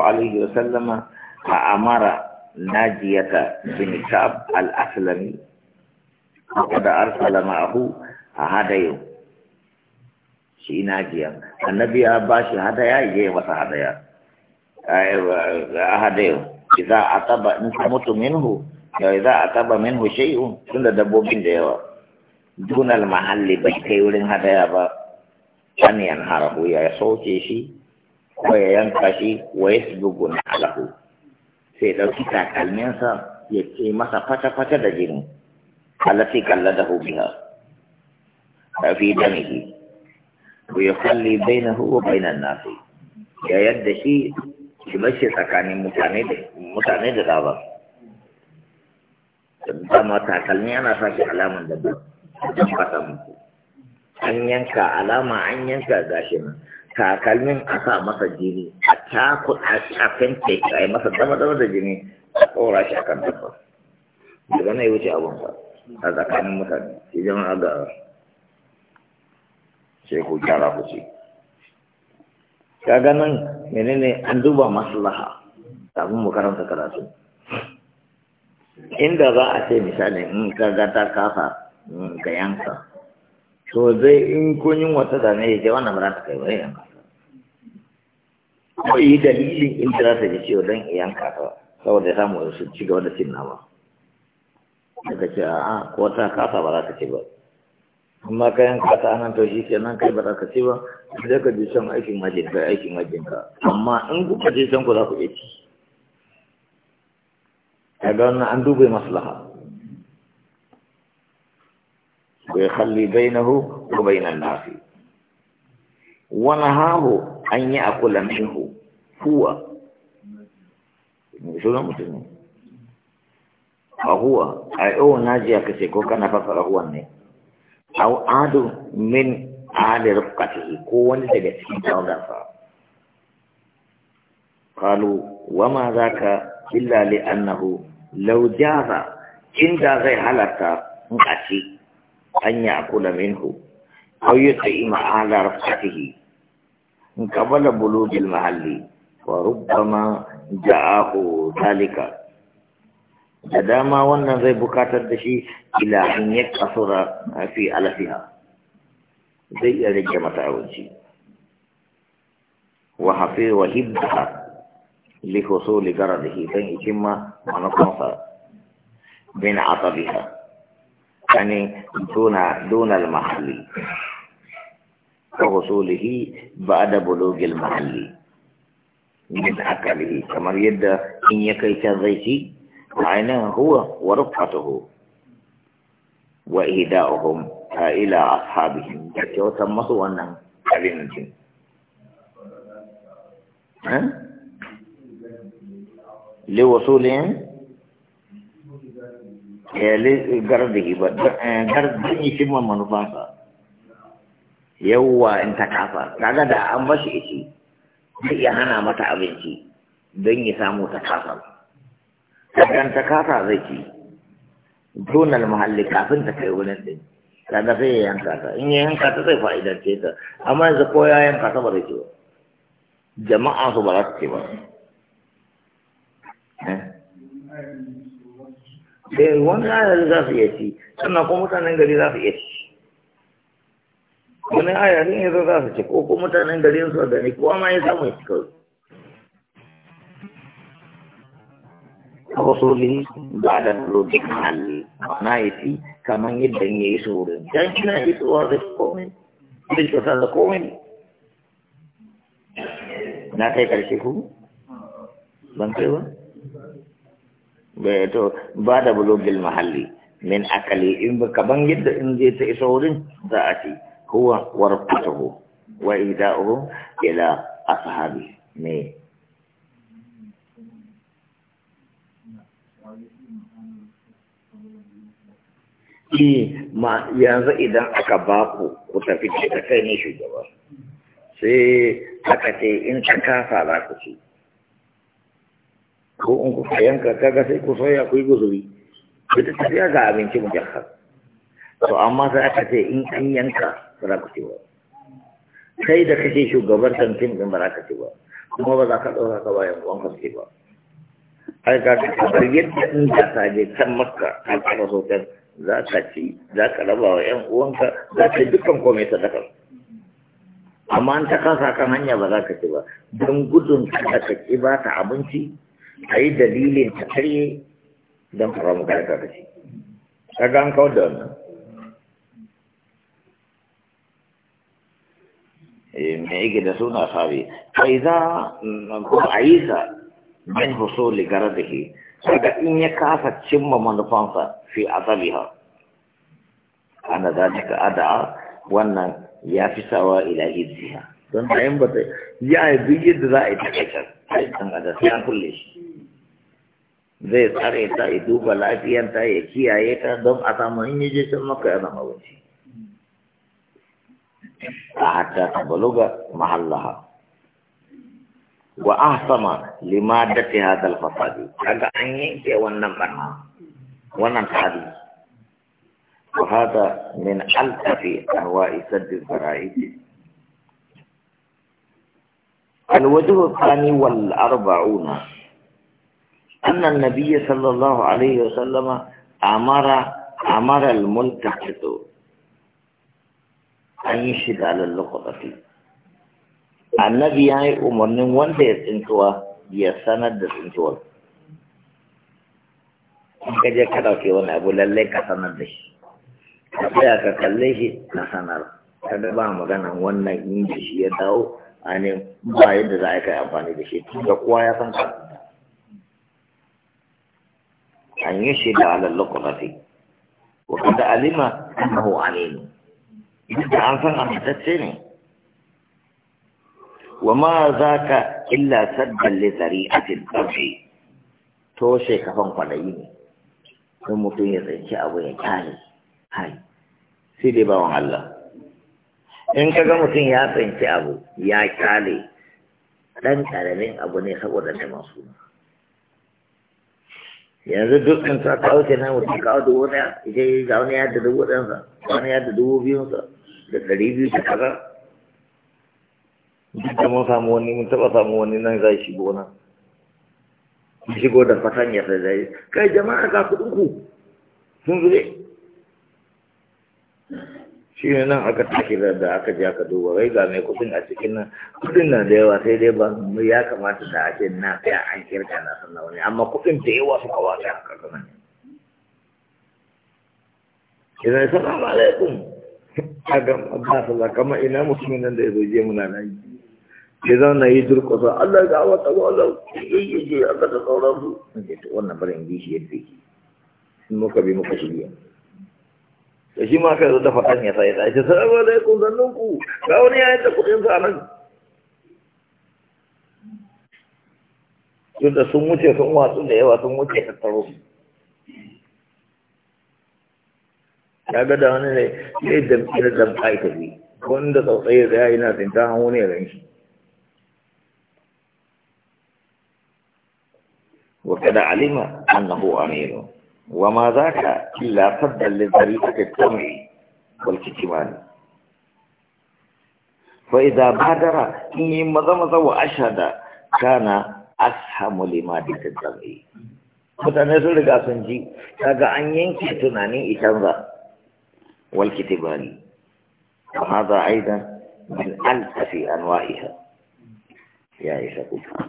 Aliyahu Sallama a amara Najiyata Binnitap Al-Asilami. A da Al-Salamaahu Shi na jiya. ya yi je ya wasa hada ya. A hada yau. Iza in ta minhu? Iza a taba minhu shai? tunda da dabbobin da yawa. dunal mahalli bai shi ta wurin hadaya ba. Bani an haramu ya sauke shi. ko ya yanka shi wa ya su bugu na alahu sai ɗauki takalminsa ya ce masa fata-fata da jini alati kalla da hubiha a fi damihi ku ya kalli bai na huwa bai na nasi ya yadda shi shi bashi tsakanin mutane da dabar dama takalmi ana sa shi alamun da ba don fata muku an yanka alama an yanka gashi nan takalmin a sa masa jini a taku a cikin teki a yi masa dama dama da jini a tsora shi a kan dabba daga na wuce abun ba a tsakanin mutane shi a ga sai ku gyara ku ce ka ganin menene an duba maslaha kafin mu karanta karatu inda za a ce misali in ka ga ta kafa ga yanka to zai in kun yi wata zane ya ce wannan ba ta kai ba yan kasa ko yi dalilin in ta ta ce don yan kasa saboda ya samu su ci gaba da cin nama daga ce a ko ta kasa ba za ta ci ba amma ka yan kasa anan to shi nan kai ba za ka ci ba sai ka ji son aikin kai aikin ka. amma in kuka je san ku za ku iya ci kaga wannan an duba maslaha wai halli bai na hu ko bai nan nafi wani hahu an a kula mihu huwa ne suna a huwa a na jiya ka ce ko kana fafara huwan ne a adu min adar kati ko wani daga cikin kawarafa kalu wama za annahu lau jara inda zai halarta mukaci Hanya ya kula minhu aw yi ima ala rafatihi in kabala bulubil mahalli wa rubbama ja'ahu dalika da dama wannan zai bukatar da shi ila in ya kasura fi alafiha zai iya rage mata auci wa hafi wa hibba li husuli garadihi dan ikimma wa nakasa bin atabiha يعني دون دون المحل وصوله بعد بلوغ المحل من أكله كما يد إن يكي كذيتي عينه هو ورفقته وإهداؤهم إلى أصحابهم كيو تمسوا أنهم أبين الجن لوصولهم yi ba gardihi shi eh, ma manufansa yawwa in ta kafa kaga da an bashi ishi zai iya hana mata abinci don ya samu ta kafa kan ta kafa zai ci donal muhalli kafin ta kai wurin din kaga sai ya yanka ta in ya yanka ta zai fa'idance ta amma yanzu ko ya yanka ta ba zai ci ba jama'a su ba za su ci ba da wannan ayar za su iya ci sannan kuma mutanen gari za su iya ci wani ayar ne yanzu za su ci ko kuma mutanen gari su da ne kowa ma ya samu ya ci kawai a rasuli ba da nurobin halli ma'ana ya ci kamar yadda ya yi saurin dan ina yi tsohuwa da komai da kyauta da komai na kai karshe ku ban kai ba bayato ba da bulogil mahalli min akali in ba kaban yadda in je ta isa wurin za a ci huwa warfatahu wa ida'uhu ila ashabi Ki ma yanzu idan aka ba ku ku tafi ta kai ne shugaba sai aka ce in ta kasa za ku ci ko in kuka yanka kaga sai ku soya ku yi guzuri ita tafiya ga abinci mu mujakkar to amma sai aka ce in an yanka ba za ku ci ba kai da kake shugabar kantin din ba za ka ci ba kuma ba za ka ɗora ka bayan wanka su ba ai ka kamar yadda in ka ta je can maka a kafa sotar za ka ci za ka raba wa ƴan uwanka za ka dukkan komai sadaka amma an ta kasa kan hanya ba za ka ci ba don gudun kada ka ƙi ba ta abinci a yi dalilin ta karye don fara makarata da shi kaga an kawar da wannan eh, me yake da suna sabi kai za ko mm, a yi sa ligara da ke, saka in ya kasa cimma manufansa fi ha ana ka ada'a wannan ya fi sawa ila hizziha don ta yin bata ya yi duk yadda za a yi takaitar a yi kan adasa kulle shi zai tsare ta ya duba lafiyanta ya kiyaye ta don a samu in yaje can maka ya zama wani hatta tabaluga mahallaha wa ahsama limadati hadal fasadi kaga an yanke wannan barna wannan tabi wa hada min altafi ahwa'i saddi fara'id الوجه الثاني والأربعون أن النبي صلى الله عليه وسلم أمر أمر الملتحد أن يشد على اللقطة النبي ya أمرني وانت يسنتوا يسند يسنتوا ka je ka dauke wani abu lallai ka sanar da shi ka tsaya ka kalle shi ka sanar da ba magana wannan inji shi ya dawo a ne ba yadda za a kai amfani da shi tun da kowa ya san ka أن يشهد على اللقطة وقد علم أنه عليم إذا a أحدثني وما ذاك إلا سدا لذريعة الضرب توشي كفن قليل ثم تنزل شعب يجعل هاي سيدي بوان الله in ka ga mutum ya tsinci abu ya kyale ɗan ƙaramin abu ne saboda neman suna yanzu duk in sa kawo ke nan mutum kawo dubu ɗaya ita ga wani yadda dubu ɗansa wani yadda dubu biyunsa da ɗari biyu da kaza duk da mun samu wani mun taɓa samu wani nan za shigo nan mun shigo da fatan ya sai zai kai jama'a ga kuɗin ku sun zube shi ne nan aka tashi da aka je aka duba wai ga mai kudin a cikin nan kudin na da yawa sai dai ba ya kamata da ake na tsaya an kirka na sanna wani amma kudin da yawa suka wata a kasa nan idan salamu alaikum a ga ba su da kama ina musulmin nan da ya zo je muna nan ya zauna yi durkusa Allah ga wata wala yi yi Allah da sauransu wannan barin shi yadda yake Sun muka bi muka shirya da shi ma ka zo dafa faɗan ya sa ya sa ce salamu alaikum zannun ku ga wani ya ta kuɗin sa nan duk da sun wuce sun watsu da yawa sun wuce taro ya ga da wani ne sai damƙi na damƙa ya ne wanda tsautsayi ya yi yana tsinta hannu ne ran shi وكذا علم انه امير wama za ka lafar da lizari suka tsamai walkici ma ne fa idan badara in yi maza-maza wa asha da kana ashamu lima da ta mutane sun riga sun ji daga an yanke tunanin ikan za walkici ba ne amma za a yi don min an tafi an wa'iha ya yi sa'uka